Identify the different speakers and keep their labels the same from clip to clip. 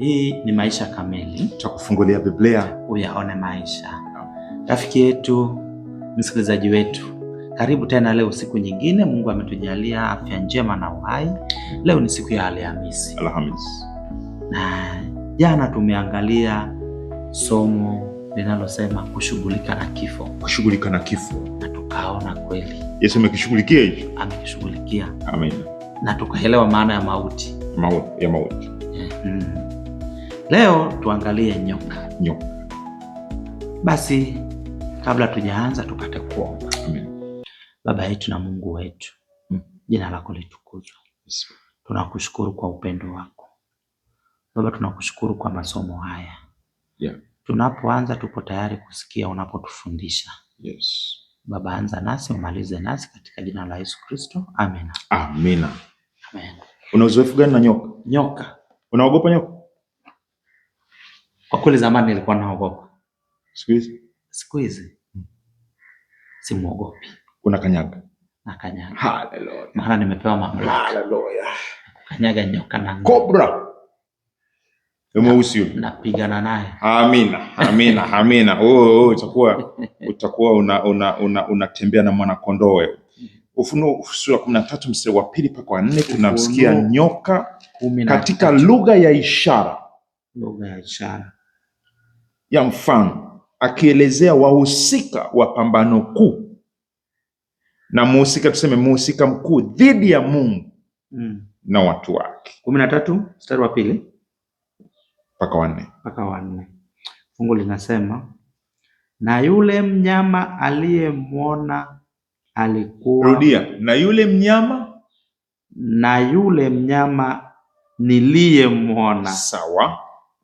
Speaker 1: Hii ni maisha kamili,
Speaker 2: tutakufungulia Biblia
Speaker 1: uyaone maisha. Rafiki yetu, msikilizaji wetu, karibu tena leo, siku nyingine. Mungu ametujalia afya njema na uhai. Leo ni siku ya Alhamisi,
Speaker 2: Alhamisi,
Speaker 1: na jana tumeangalia somo linalosema kushughulika na kifo,
Speaker 2: kushughulika na kifo,
Speaker 1: na tukaona kweli
Speaker 2: Yesu amekishughulikia hicho,
Speaker 1: amekishughulikia. Amen. Na tukaelewa maana ya mauti,
Speaker 2: mauti ya mauti. mm
Speaker 1: Leo tuangalie nyoka. Nyoka. Basi kabla tujaanza tupate kuomba. Amen. Baba yetu na Mungu wetu, mm. Jina lako litukuzwe. Yes. Tunakushukuru kwa upendo wako Baba, tunakushukuru kwa masomo haya yeah. Tunapoanza tupo tayari kusikia unapotufundisha. Yes. Baba, anza nasi umalize nasi katika jina la Yesu Kristo, amina.
Speaker 2: Amina. Amina. Una uzoefu gani na nyoka? Nyoka. Unaogopa nyoka?
Speaker 1: Kwa kweli zamani nilikuwa naogopa, siku hizi siku hizi simuogopi. Una kanyaga na kanyaga,
Speaker 2: haleluya!
Speaker 1: Maana nimepewa mamlaka,
Speaker 2: haleluya!
Speaker 1: Kanyaga nyoka na
Speaker 2: cobra mweusi yule,
Speaker 1: napigana naye.
Speaker 2: Amina, amina, amina. Oh, oh, utakuwa utakuwa unatembea una, una, una na mwana kondoo wewe. Ufunuo sura kumi na tatu mstari wa pili mpaka wa nne tunamsikia nyoka katika lugha ya ishara,
Speaker 1: lugha ya ishara
Speaker 2: ya mfano akielezea wahusika wa pambano kuu, na muhusika tuseme muhusika mkuu dhidi ya Mungu mm. na watu wake.
Speaker 1: kumi na tatu mstari wa pili mpaka wanne mpaka wanne fungu linasema na yule mnyama aliyemwona alikuwa.
Speaker 2: Rudia, na yule mnyama.
Speaker 1: Na yule mnyama niliyemwona.
Speaker 2: Sawa,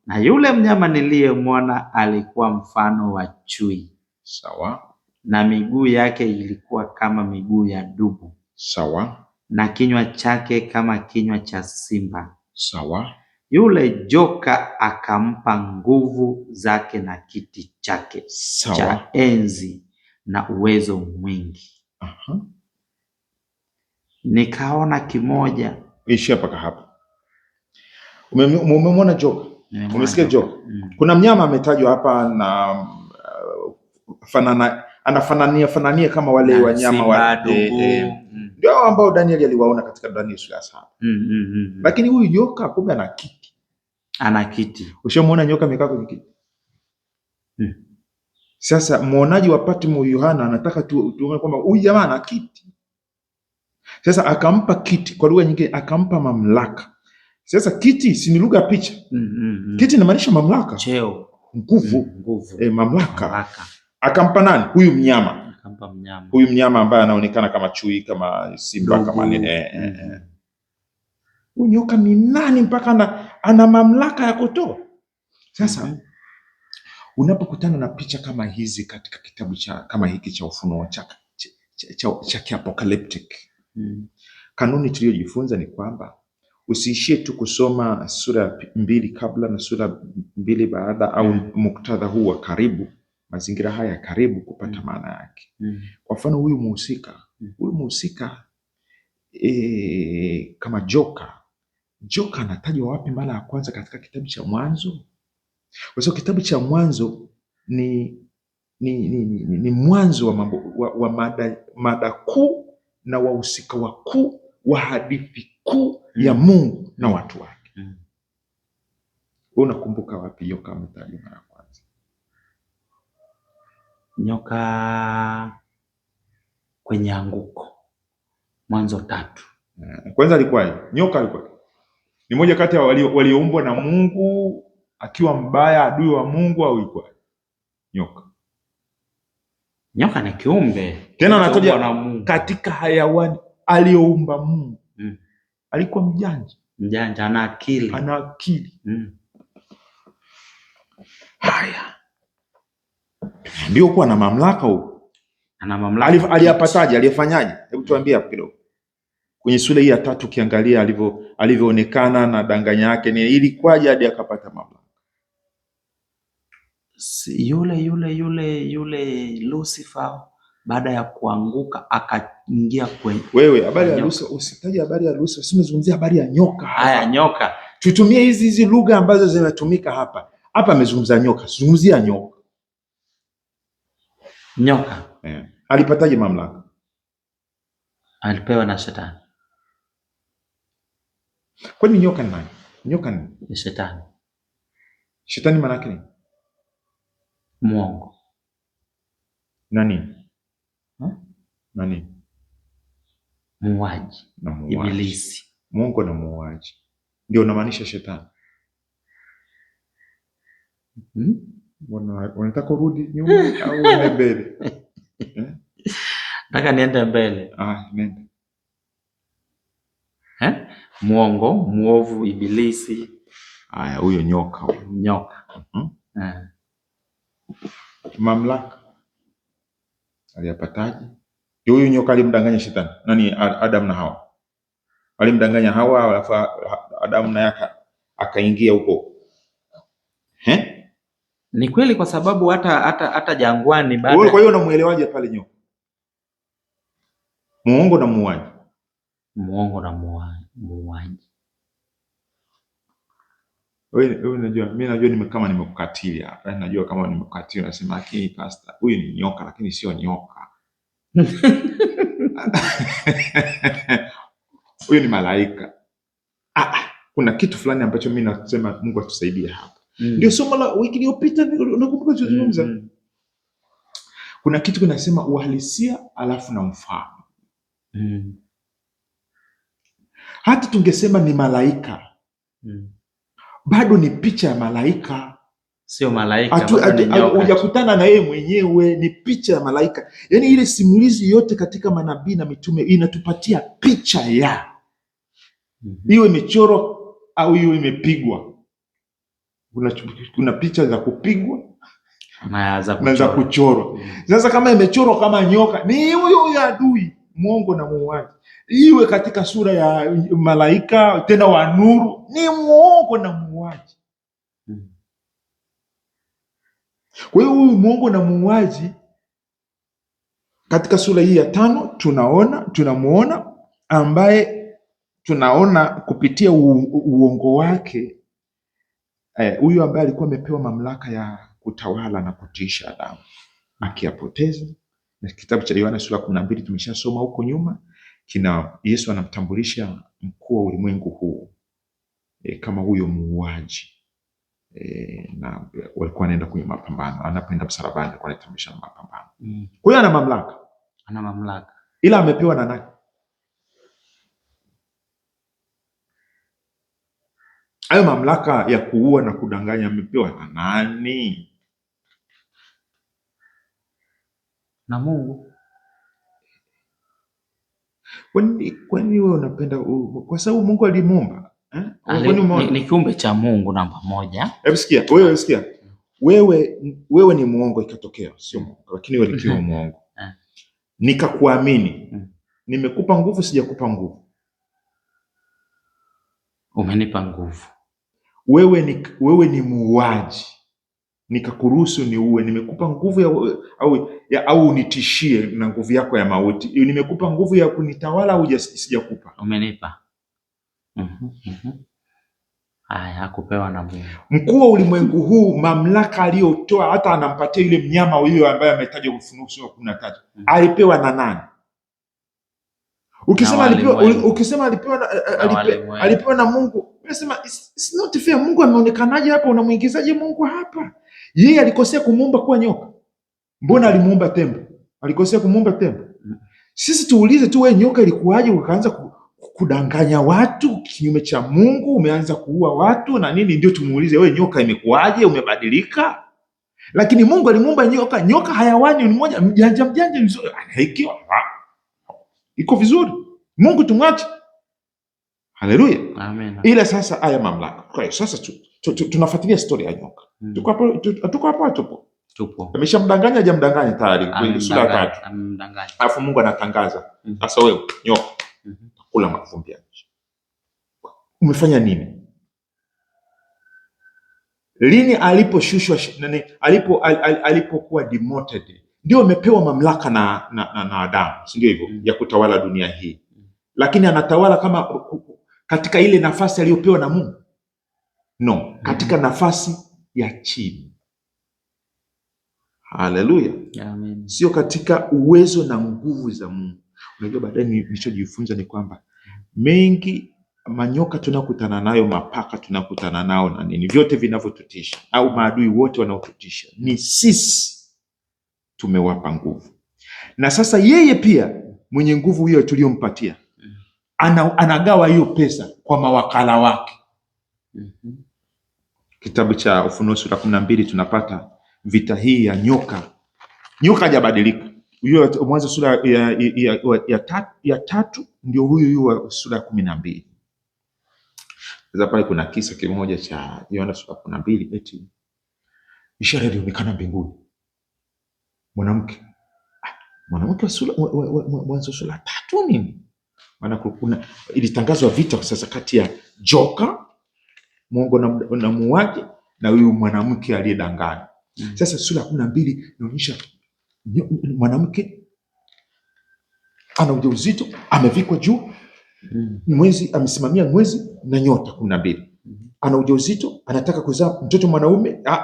Speaker 1: na yule mnyama niliyemwona alikuwa mfano wa chui.
Speaker 2: Sawa.
Speaker 1: Na miguu yake ilikuwa kama miguu ya dubu.
Speaker 2: Sawa.
Speaker 1: Na kinywa chake kama kinywa cha simba. Sawa. Yule joka akampa nguvu zake na kiti chake
Speaker 2: Sawa. cha
Speaker 1: enzi na uwezo mwingi. Aha. Nikaona kimoja.
Speaker 2: Ishi hapa hapa. Umemwona joka? Umesikia Jo? Mm. Kuna mnyama ametajwa hapa na uh, fanana anafanania fanania kama wale na wanyama wa eh, eh. Mm. ndio mm. ambao Daniel aliwaona katika Daniel sura ya saba. Mm, mm, Lakini huyu nyoka kumbe ana kiti.
Speaker 1: Ana kiti.
Speaker 2: Ushamuona nyoka amekaa kwenye kiti? Mm. Sasa muonaji wa Patmo Yohana anataka tu tuone kwamba huyu jamaa ana kiti. Sasa akampa kiti, kwa lugha nyingine akampa mamlaka mm. Sasa kiti si ni lugha ya picha mm, mm, mm. Kiti inamaanisha mamlaka, cheo, nguvu nguvu. mm, nguvu. E, mamlaka. Mamlaka akampa nani huyu mnyama?
Speaker 1: Akampa mnyama
Speaker 2: huyu mnyama ambaye anaonekana kama chui kama simba Lugu. kama nini eh, eh. Mm, eh. Mm. Huyu nyoka ni nani mpaka ana, ana mamlaka ya kutoa? Sasa mm -hmm. Unapokutana na picha kama hizi katika kitabu cha kama hiki cha Ufunuo cha cha, cha, cha, cha kiapocalyptic mm. Kanuni tuliyojifunza ni kwamba Usiishie tu kusoma sura mbili kabla na sura mbili baada au yeah. Mm. Muktadha huu wa karibu, mazingira haya karibu kupata mm. maana yake mm. Kwa mfano huyu muhusika mm. huyu muhusika e, kama joka joka anatajwa wapi mara ya kwanza katika kitabu cha Mwanzo? Kwa sababu kitabu cha Mwanzo ni, ni, ni, ni, ni mwanzo wa, mambo, wa, wa mada, mada kuu na wahusika wakuu wa hadithi kuu mm. ya Mungu na mm. watu wake. Mm. Unakumbuka wapi hiyo kama mara ya kwanza?
Speaker 1: Nyoka kwenye anguko, Mwanzo tatu.
Speaker 2: Kwanza alikuwaje? Nyoka alikuwa ni moja kati ya walioumbwa na Mungu akiwa mbaya, adui wa Mungu, au ilikuwaje? Nyoka
Speaker 1: nyoka ni kiumbe
Speaker 2: tena, anataja katika hayawani aliyoumba Mungu. Mm alikuwa mjanja
Speaker 1: mjanja, ana akili,
Speaker 2: ana akili mm. Haya, ndio kuwa na mamlaka huko,
Speaker 1: ana mamlaka.
Speaker 2: Aliyapataje? Aliyefanyaje? Hebu tuambie hapo kidogo, kwenye sura hii ya tatu, ukiangalia alivyo alivyoonekana na danganya yake, ni ilikwaje hadi akapata mamlaka?
Speaker 1: Yule yule yule yule Lucifer baada ya kuanguka akaingia kwenye.
Speaker 2: Wewe habari ya Lusa, usitaje habari ya Lusa, usimzungumzie habari ya nyoka.
Speaker 1: Haya, nyoka,
Speaker 2: tutumie hizi hizi lugha ambazo zinatumika hapa hapa. Amezungumza nyoka, zungumzia nyoka. Nyoka eh, alipataje mamlaka?
Speaker 1: Alipewa na shetani.
Speaker 2: Kwani nyoka ni nani? Nyoka ni shetani. Shetani maana yake ni mwongo nani nani? Muuaji na muuaji. Ibilisi, Mungu na muuaji, ndio unamaanisha shetani. Hmm? Unataka urudi nyuma au uende mbele?
Speaker 1: Nataka niende mbele.
Speaker 2: Ah, nenda.
Speaker 1: Eh? Mwongo, muovu, ibilisi.
Speaker 2: Haya, huyo nyoka
Speaker 1: Nyoka. Mm -hmm. Eh.
Speaker 2: Mamlaka aliyapataje? Huyu nyoka alimdanganya shetani. Nani? Adam na Hawa. Alimdanganya Hawa, alafu Adam naye akaingia huko. He?
Speaker 1: Ni kweli kwa sababu hata hata hata jangwani baada.
Speaker 2: Kwa hiyo unamuelewaje pale nyoka? Muongo na muuaji.
Speaker 1: Muongo na muuaji.
Speaker 2: Wewe wewe unajua, mimi najua nime kama nimekukatilia. Yaani najua kama nimekukatilia, nasema lakini pastor, huyu ni nyoka lakini sio nyoka. huyu ni malaika. Ah, ah, kuna kitu fulani ambacho mi nasema Mungu atusaidie hapa. Mm. Ndio somo la wiki iliyopita, nakumbuka tulizungumza. Mm, mm. Kuna kitu kinasema uhalisia alafu na mfano. Mm. Hata tungesema ni malaika. Mm. Bado ni picha ya malaika
Speaker 1: sio malaika,
Speaker 2: hujakutana na yeye mwenyewe, ni picha ya malaika. Yaani ile simulizi yote katika manabii na mitume inatupatia picha ya mm -hmm. iwe imechorwa au iwe imepigwa. Kuna, kuna picha za kupigwa
Speaker 1: na za
Speaker 2: kuchorwa. Mhm. Sasa kama imechorwa kama nyoka, ni huyo huyo adui mwongo na muuaji, iwe katika sura ya malaika tena wa nuru, ni mwongo na muuaji Kwa hiyo huyu mwongo na muuaji katika sura hii ya tano tunaona tunamuona ambaye tunaona kupitia u, uongo wake eh, huyu eh, ambaye alikuwa amepewa mamlaka ya kutawala na kutiisha Adamu akiapoteza. Na kitabu cha Yohana sura kumi na mbili tumeshasoma huko nyuma, kina Yesu anamtambulisha mkuu wa ulimwengu huu eh, kama huyo muuaji. E, na walikuwa anaenda kwenye mapambano, anapenda msalabani alikuwa anatambulishwa na mapambano. Mm. Kwa hiyo ana mamlaka,
Speaker 1: ana mamlaka
Speaker 2: ila amepewa na nani? Hayo mamlaka ya kuua na kudanganya amepewa na nani?
Speaker 1: Na Mungu.
Speaker 2: Kwani wewe unapenda kwa sababu Mungu alimuumba
Speaker 1: Eh? Ah, ni kiumbe cha Mungu namba moja. Hebu
Speaker 2: eh, sikia wewe, sikia wewe, wewe ni mwongo ikatokea, sio Mungu, mm. lakini wewe ni muongo mm-hmm. eh. nikakuamini, mm. nimekupa nguvu, sijakupa nguvu,
Speaker 1: umenipa nguvu.
Speaker 2: Wewe ni, wewe ni muuaji, nikakuruhusu ni uwe, nimekupa nguvu ya, au, ya, au unitishie na nguvu yako ya mauti, nimekupa nguvu ya kunitawala au sijakupa,
Speaker 1: umenipa Haya, mhm, mhm. hakupewa na Mungu.
Speaker 2: Mkuu wa ulimwengu huu mamlaka aliyotoa hata anampatia yule mnyama huyo ambaye ametajwa Ufunuo sura kumi na tatu Mhm. alipewa na nani? Ukisema alipewa, ukisema alipewa na, eh, alipewa na Mungu, unasema it's, it's not fair. Mungu ameonekanaje hapa? Unamwingizaje Mungu hapa? Yeye alikosea kumuumba kuwa nyoka, mbona mhm. alimuumba tembo? Alikosea kumuumba tembo? Sisi tuulize tu, wewe nyoka ilikuwaje ukaanza kudanganya watu kinyume cha Mungu, umeanza kuua watu na nini, ndio tumuulize wewe, nyoka imekuwaje? Umebadilika? Lakini Mungu alimuumba nyoka, nyoka hayawani ni mmoja, mjanja mjanja, mzuri, anaikiwa ah, ah, ah. iko vizuri. Mungu tumwache. Haleluya, amen. Ila sasa haya mamlaka. Kwa hiyo sasa tu, tu, tu, tunafuatilia story ya nyoka hmm. Tuko hapo tuko hapo tupo tupo, ameshamdanganya hajamdanganya tayari, kwenye sura ya tatu, alafu Mungu anatangaza hmm. sasa, wewe nyoka hmm kula na ya nchi. Umefanya nini? Lini aliposhushwa nani, alipo al, alipokuwa demoted, ndio amepewa mamlaka na na, na, na Adamu, si ndio hivyo, mm. ya kutawala dunia hii, lakini anatawala kama katika ile nafasi aliyopewa na Mungu no, katika mm. nafasi ya chini. Haleluya, amen. Sio katika uwezo na nguvu za Mungu. Unajua, baadaye nilichojifunza ni kwamba mengi manyoka tunakutana nayo, mapaka tunakutana nao na nini, vyote vinavyotutisha au maadui wote wanaotutisha ni sisi tumewapa nguvu. Na sasa yeye pia mwenye nguvu hiyo tuliyompatia mm-hmm. ana, anagawa hiyo pesa kwa mawakala wake. Mm-hmm. Kitabu cha Ufunuo sura kumi na mbili tunapata vita hii ya nyoka. Nyoka hajabadilika, huyo Mwanzo sura ya, ya, ya, ya, tatu, ya tatu ndio huyu huyu sura ya kumi na mbili. Sasa pale kuna kisa kimoja cha Yohana sura ya kumi na mbili eti ishara ilionekana mbinguni, mwanamke ah, mwanamke wa sura Mwanzo sura ya tatu nini? Maana kuna ilitangazwa vita sasa kati ya joka Mungu na na muuaji na huyu mwanamke aliyedanganya. Mm. Sasa sura ya kumi na mbili inaonyesha mwanamke ana ujauzito, amevikwa juu mm. mwezi amesimamia mwezi na nyota kumi na mbili mm. ana ujauzito, anataka kuzaa mtoto mwanaume, ah,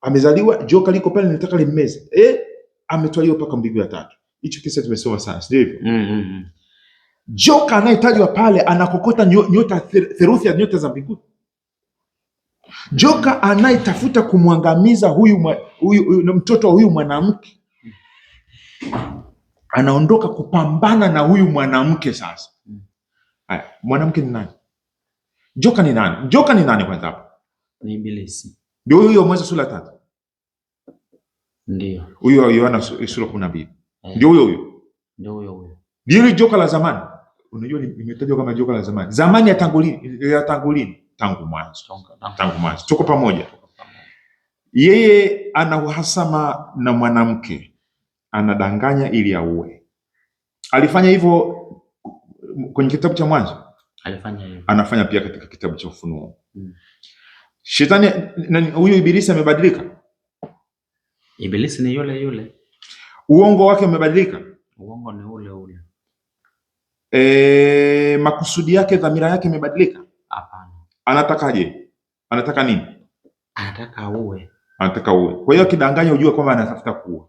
Speaker 2: amezaliwa joka liko pale, nataka limmeze e, eh, ametwaliwa mpaka mbingu ya tatu. Hicho kisa tumesoma sana, sio hivyo? mm-hmm. Joka anayetajwa pale anakokota nyota theruthi ya nyota za mbinguni. Joka anayetafuta kumwangamiza huyu, huyu, huyu mtoto wa huyu mwanamke anaondoka kupambana na huyu mwanamke sasa. Hmm. Haya, mwanamke ni nani? Joka ni nani? Joka ni nani kwanza hapa?
Speaker 1: Ni Ibilisi.
Speaker 2: Ndio huyo Mwanzo sura tatu. Ndio. Huyo Yohana eh, sura kumi na mbili. Eh. Ndio huyo huyo. Ndio huyo huyo. Ndio joka la zamani. Unajua limetajwa kama joka la zamani. Zamani ya tangu lini? Ya tangu lini? Tangu mwanzo. Tangu mwanzo. Tuko pamoja. Yeye ana uhasama na mwanamke anadanganya ili auwe. Alifanya hivyo kwenye kitabu cha Mwanzo, alifanya hivyo, anafanya pia katika kitabu cha Ufunuo. Hmm. Shetani huyu Ibilisi amebadilika.
Speaker 1: Ibilisi ni yule yule,
Speaker 2: uongo wake umebadilika,
Speaker 1: uongo ni ule ule.
Speaker 2: E, makusudi yake, dhamira yake imebadilika. Hapana, anatakaje? Anataka nini?
Speaker 1: Anataka uwe,
Speaker 2: anataka uwe. Kwa hiyo akidanganya, ujue kwamba anatafuta kuwa. kuua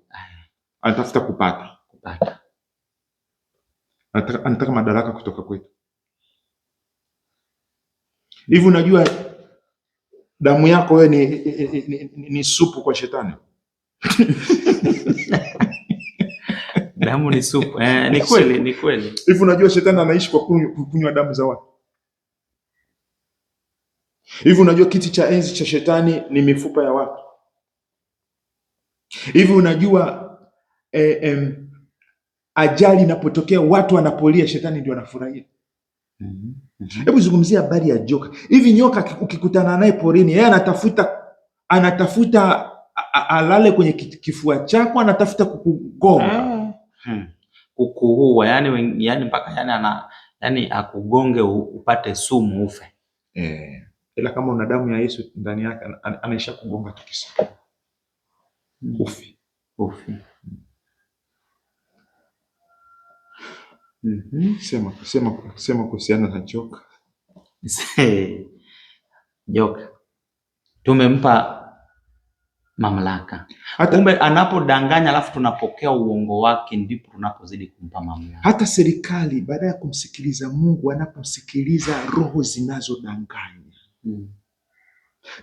Speaker 2: anatafuta kupata kupata, anataka madaraka kutoka kwetu. Hivi unajua damu yako wewe ni, ni, ni, ni supu kwa shetani
Speaker 1: damu ni supu eh, ni kweli, ni kweli.
Speaker 2: Hivi unajua shetani anaishi kwa kunywa damu za watu. Hivi unajua kiti cha enzi cha shetani ni mifupa ya watu. Hivi unajua eh, eh, ajali inapotokea watu wanapolia, shetani ndio anafurahia. mm -hmm. Hebu zungumzia habari ya joka. Hivi nyoka ukikutana naye porini, yeye anatafuta anatafuta alale kwenye kifua chako, anatafuta kukugonga eh.
Speaker 1: hmm. kukuua, yani yani mpaka yani ana yani akugonge upate sumu ufe
Speaker 2: eh. Ila kama una damu ya Yesu ndani yake anaisha kugonga tukisa hmm. ufi ufi Mm -hmm. Sema, kuhusiana na joka.
Speaker 1: Joka tumempa mamlaka. Kumbe anapodanganya alafu tunapokea uongo wake, ndipo tunapozidi kumpa mamlaka.
Speaker 2: Hata serikali baada ya kumsikiliza Mungu, anaposikiliza roho zinazodanganya mm.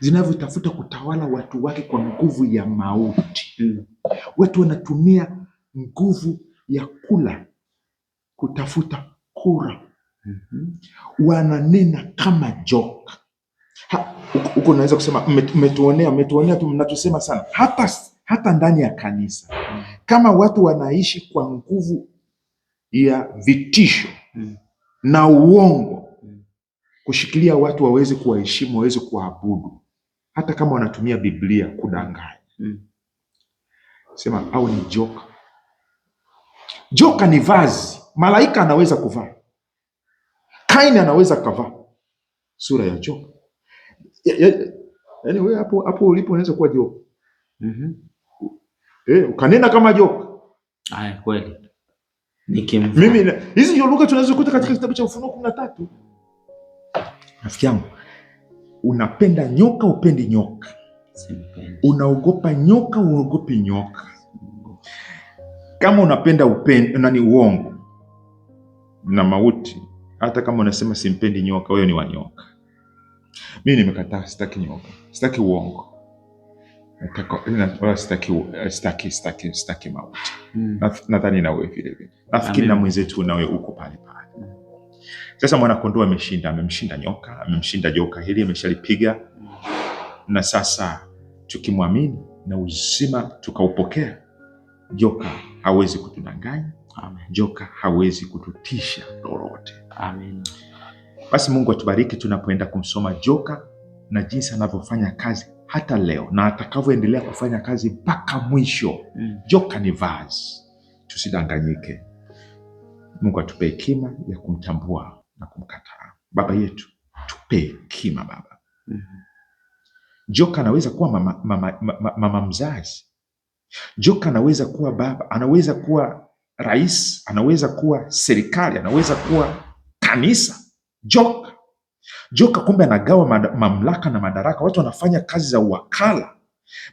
Speaker 2: zinavyotafuta kutawala watu wake kwa nguvu ya mauti mm. watu wanatumia nguvu ya kula kutafuta kura mm -hmm. Wananena kama joke. Huko unaweza kusema mmetuonea, umetuonea tu, mnatusema sana hata, hata ndani ya kanisa mm -hmm. Kama watu wanaishi kwa nguvu ya vitisho mm -hmm. na uongo mm kushikilia watu waweze kuwaheshimu, waweze kuwaabudu, hata kama wanatumia Biblia kudanganya mm Sema au ni joka. Joka ni vazi Malaika anaweza kuvaa, Kaini anaweza kavaa sura ya joka. Yaani wewe hapo hapo ulipo unaweza kuwa joka. mm Eh, ukanena kama joka.
Speaker 1: Haya kweli. Nikimvua.
Speaker 2: Mimi hizi ndio lugha tunaweza kukuta katika kitabu cha Ufunuo 13. Rafiki yangu, unapenda nyoka, upendi nyoka. Simpendi. Unaogopa nyoka, uogopi nyoka. Kama unapenda upendi, nani uongo na mauti, hata kama unasema simpendi nyoka, wewe ni wanyoka. Mimi nimekataa, sitaki nyoka, sitaki uongo, sitaki mauti. Hmm. Nadhani na wewe vile vile, nafikiri na mwenzetu nawe uko pale pale. Sasa mwanakondoo ameshinda, amemshinda nyoka, amemshinda joka hili, ameshalipiga na sasa tukimwamini na uzima tukaupokea, joka hawezi kutudanganya Amen. Joka hawezi kututisha lolote. Amen. Basi Mungu atubariki tunapoenda kumsoma joka na jinsi anavyofanya kazi hata leo na atakavyoendelea kufanya kazi mpaka mwisho. Mm. Joka ni vazi, tusidanganyike. Mungu atupe hekima ya kumtambua na kumkataa. Baba yetu tupe hekima Baba. Mm Joka anaweza kuwa mama, mama, mama, mama mzazi. Joka anaweza kuwa baba, anaweza kuwa rais, anaweza kuwa serikali, anaweza kuwa kanisa. Joka, joka kumbe anagawa mamlaka na madaraka, watu wanafanya kazi za wakala.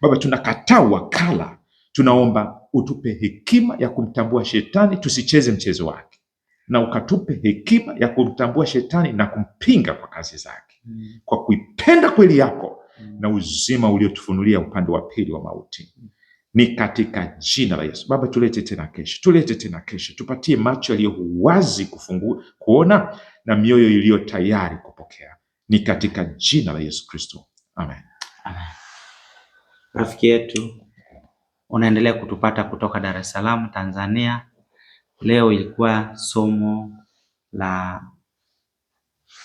Speaker 2: Baba, tunakataa wakala, tunaomba utupe hekima ya kumtambua shetani, tusicheze mchezo wake, na ukatupe hekima ya kumtambua shetani na kumpinga kwa kazi zake, mm. kwa kuipenda kweli yako mm. na uzima uliotufunulia upande wa pili wa mauti ni katika jina la Yesu. Baba, tulete tena kesho, tulete tena kesho, tupatie macho yaliyo wazi kufungua kuona na mioyo iliyo tayari kupokea, ni katika jina la Yesu Kristo, amen.
Speaker 1: Amen. Rafiki yetu unaendelea kutupata kutoka Dar es Salaam Tanzania. Leo ilikuwa somo la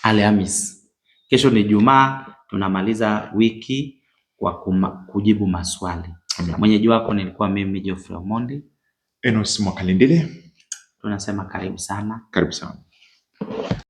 Speaker 1: Alhamisi, kesho ni Jumaa, tunamaliza wiki kwa kujibu maswali Mwenyeji wako nilikuwa mimi Geoffrey Omondi
Speaker 2: Enos Mwakalindile.
Speaker 1: Tunasema karibu sana,
Speaker 2: karibu sana.